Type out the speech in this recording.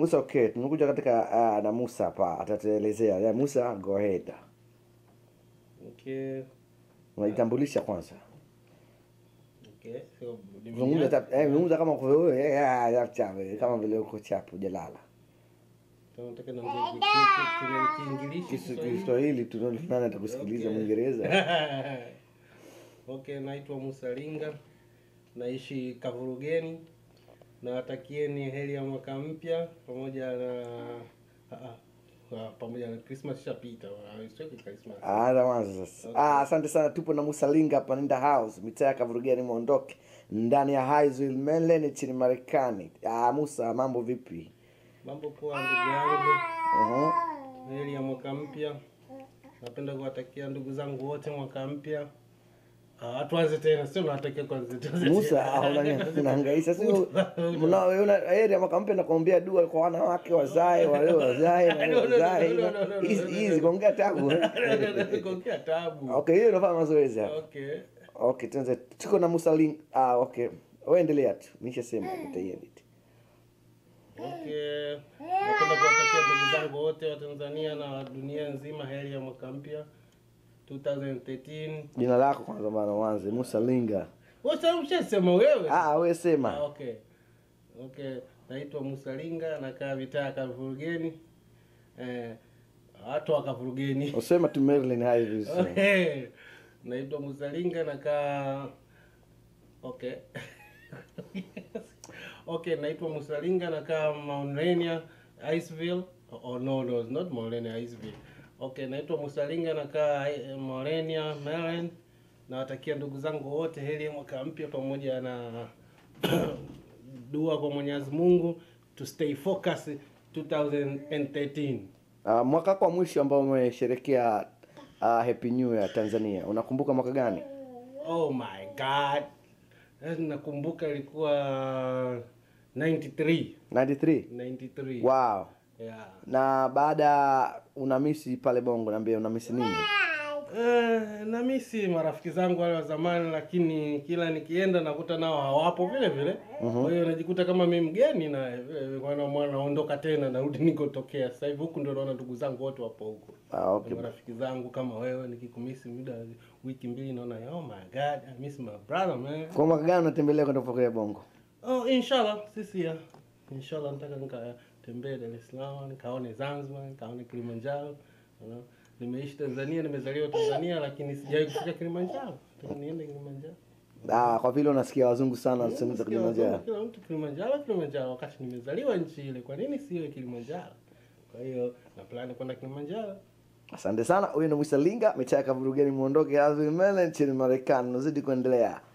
Musa, okay, tumekuja katika uh, na Musa hapa atatuelezea. Yeah, Musa go ahead. Okay. Unajitambulisha kwanza. Okay. Zungumza so, eh, kama wewe eh, ya kama vile uko chapu jalala. Kiswahili tunaonekana atakusikiliza Mwingereza. Okay, naitwa Musa Linga. Naishi Kavurugeni nawatakieni heri ya mwaka mpya pamoja na pamoja na Christmas ah, ah, asante sana. Tupo na Musa Linga hapa Linda House, mitaa ya Kavurugeni Mwondoke, ndani ya Highsville Mainland nchini Marekani. Ah, Musa, mambo vipi? Mambo poa ndugu yangu. Uh-huh. heli ya mwaka mpya. Napenda kuwatakia ndugu zangu wote mwaka mpya Ah, tuanze tena sio unatakiwa kwanza ama kampe na dua kwa wanawake wazae wale wazae na wazae. Hizi mazoezi Okay. tuko na Musa link. Ah, okay. Wewe tu. Nimeshasema nitaiedit. Okay. kuwatakia ndugu zangu wote wa Tanzania na dunia nzima heri ya mwaka mpya. 2013. Jina lako kwanza maana uanze Musa Linga. Wewe umeshasema wewe? Ah, wewe sema. Ah, okay. Okay. Naitwa Musa Linga, nakaa mitaa Kavurugeni. Eh, watu wa Kavurugeni. Usema tu Maryland Highways. Okay. Naitwa Musa Linga, nakaa Okay. okay, naitwa Musa Linga, nakaa Mount Rainier, Iceville. Oh, no, no, it's not Mount Rainier, Iceville. Okay, naitwa Musalinga nakaa eh, Morenia, Maryland. Nawatakia ndugu zangu wote heri ya mwaka mpya pamoja na dua kwa Mwenyezi Mungu to stay focused 2013. Uh, ah, mwaka kwa mwisho ambao umesherekea uh, Happy New Year Tanzania. Unakumbuka mwaka gani? Oh my god. Eh, nakumbuka ilikuwa 93. 93. 93. Wow na baada unamisi pale bongo naambia unamisi nini Eh, namisi marafiki zangu wale wa zamani, lakini kila nikienda nakuta nao hawapo vile vile. Mhm. Kwa hiyo najikuta kama mimi mgeni na eh, naondoka tena narudi nikotokea. Sasa hivi huku ndio naona ndugu zangu wote wapo huko. Ah, okay. Marafiki zangu kama wewe nikikumisi muda wiki mbili naona oh my god, I miss my brother man. Kwa mwaka gani unatembelea kwenda kupokea bongo? Oh, inshallah sisi ya Inshallah nataka nikatembee Dar es Salaam, nikaone Zanzibar, nikaone Kilimanjaro. Unaona? Nimeishi Tanzania, nimezaliwa Tanzania lakini sijawahi kufika Kilimanjaro. Nataka niende Kilimanjaro. Ah, kwa vile unasikia wazungu sana sehemu za Kilimanjaro. Kila mtu Kilimanjaro, Kilimanjaro wakati nimezaliwa nchi ile. Kwa nini siwe Kilimanjaro? Kwa hiyo na plani kwenda Kilimanjaro. Asante sana. Huyu ni Musalinga, mitaa ya Kavurugeni, muondoke Harvey Millen nchini Marekani. Unazidi kuendelea